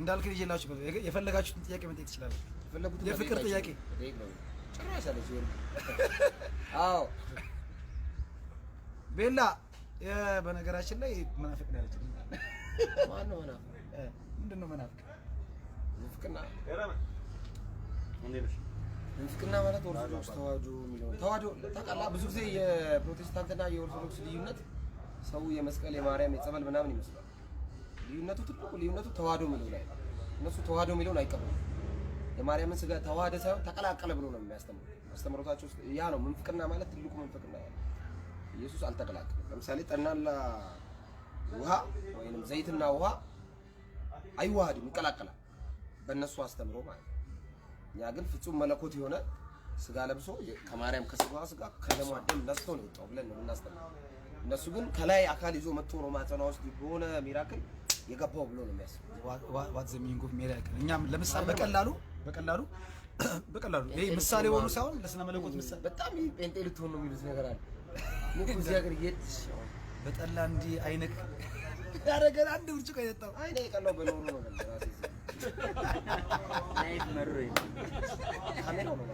እንዳልክ ልጅ የላችሁ የፈለጋችሁትን ጥያቄ መጠየቅ ትችላለህ። የፍቅር ጥያቄ አዎ። ቤላ በነገራችን ላይ መናፍቅ ነው ያለችው። ማነው መናፍቅ? ምንድን ነው መናፍቅ? ምንፍቅና ማለት ኦርቶዶክስ ተዋህዶ የሚለው ተዋህዶ ተቃላ። ብዙ ጊዜ የፕሮቴስታንትና የኦርቶዶክስ ልዩነት ሰው የመስቀል የማርያም የጸበል ምናምን ይመስላል። ልዩነቱ ትልቁ ልዩነቱ ተዋህዶ የሚለው ላይ እነሱ ተዋህዶ የሚለውን አይቀበሉ። የማርያምን ስጋ ተዋህደ ሳይሆን ተቀላቀለ ብሎ ነው የሚያስተምሩ። አስተምሮታቸው ያ ነው ምንፍቅና ማለት ትልቁ ምንፍቅና ኢየሱስ አልተቀላቀለም። ለምሳሌ ጠናና ውሃ ወይንም ዘይትና ውሃ አይዋሃድም፣ ይቀላቀላል። በእነሱ አስተምሮ ማለት ነው። እኛ ግን ፍጹም መለኮት የሆነ ስጋ ለብሶ ከማርያም ከስጋዋ ስጋ ከደሟ ደም ነስቶ ነው የወጣው ብለን ነው የምናስተምረው። እነሱ ግን ከላይ አካል ይዞ መጥቶ ነው ማህፀኗ ውስጥ በሆነ ሚራክል የገባው ብሎ ነው የሚያስበው። ዋት ዘ ሚኒንግ ኦፍ ሜሪያክል እኛም ለምሳሌ በቀላሉ በቀላሉ በቀላሉ ይሄ ምሳሌ ሆኖ ሳይሆን ለስነ መለኮት ምሳሌ በጣም ጴንጤ ልትሆን ነው የሚሉት ነገር አለ። እዚህ ሀገር የት በጠላ እንዲህ አይነት ያደረገን አንድ ብርጭቆ የጠጣው አይኔ የቀላው በኖሩ ነው ራሴ ናይት መሮ ካሜራው ነው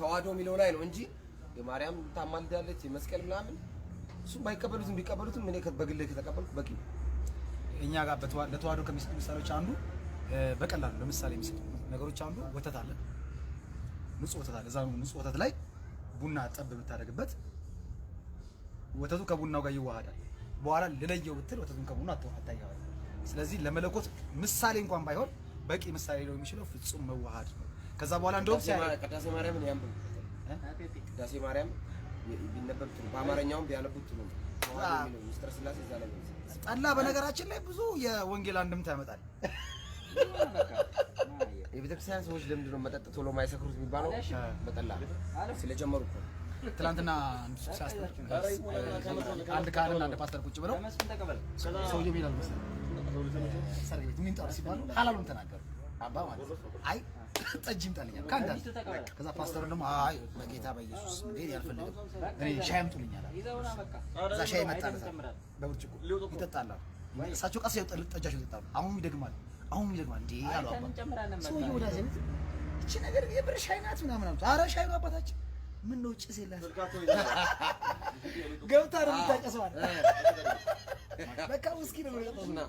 ተዋህዶ የሚለው ላይ ነው እንጂ የማርያም ታማልዳለች የመስቀል ምናምን እሱም ባይቀበሉትም ቢቀበሉትም እኔ በግሌ ከተቀበልኩ በቂ እኛ ጋር ለተዋህዶ ከሚሰጡ ምሳሌዎች አንዱ በቀላሉ ለምሳሌ የሚሰጡ ነገሮች አንዱ ወተት አለ፣ ንጹህ ወተት አለ። እዛ ንጹህ ወተት ላይ ቡና ጠብ ብታደርግበት ወተቱ ከቡናው ጋር ይዋሃዳል። በኋላ ልለየው ብትል ወተቱን ከቡና አታያዋል። ስለዚህ ለመለኮት ምሳሌ እንኳን ባይሆን በቂ ምሳሌ ሊሆን የሚችለው ፍጹም መዋሃድ ነው። ከዛ በኋላ እንደውም ቅዳሴ ማርያምን ያንብብ ቅዳሴ ማርያም ቢነበብ ጥሩ፣ በአማርኛውም ቢያነቡት ጥሩ ነው። ጠላ በነገራችን ላይ ብዙ የወንጌል አንድምታ ያመጣል። የቤተክርስቲያን ሰዎች ለምንድን ነው መጠጥ ቶሎ የማይሰክሩት የሚባለው? በጠላ ስለጀመሩ እኮ ትናንትና አንድ ካህንና አንድ ፓስተር ቁጭ ብለው ሰውዬው ሄዳል መሰለኝ ሰርግ ቤት የሚንጠሩ ሲባሉ ሀላሉን ተናገሩ። አባ ማለት አይ ጠጅ ይምጣልኛል ካንተ ከዛ ፓስተሩ ደግሞ አይ በጌታ በኢየሱስ እንዴ ያልፈልግም እኔ ሻይ አምጡልኛል ከዛ ሻይ መጣለታ በብርጭቆ ይጠጣል እሳቸው ቀስ ያውጣል ጠጃቸው ይጠጣሉ አሁን ይደግማል አሁን ይደግማል እንዴ አሉ አባ ሰውዬው ወዳጅ እቺ ነገር የብር ሻይ ናት ምናምን አሉት ኧረ ሻይ ነው አባታችን ምን ነው ጭስ የላት ገብታ ነው የምታጨሰዋል በቃ ውስኪ ነው የሚጠጣው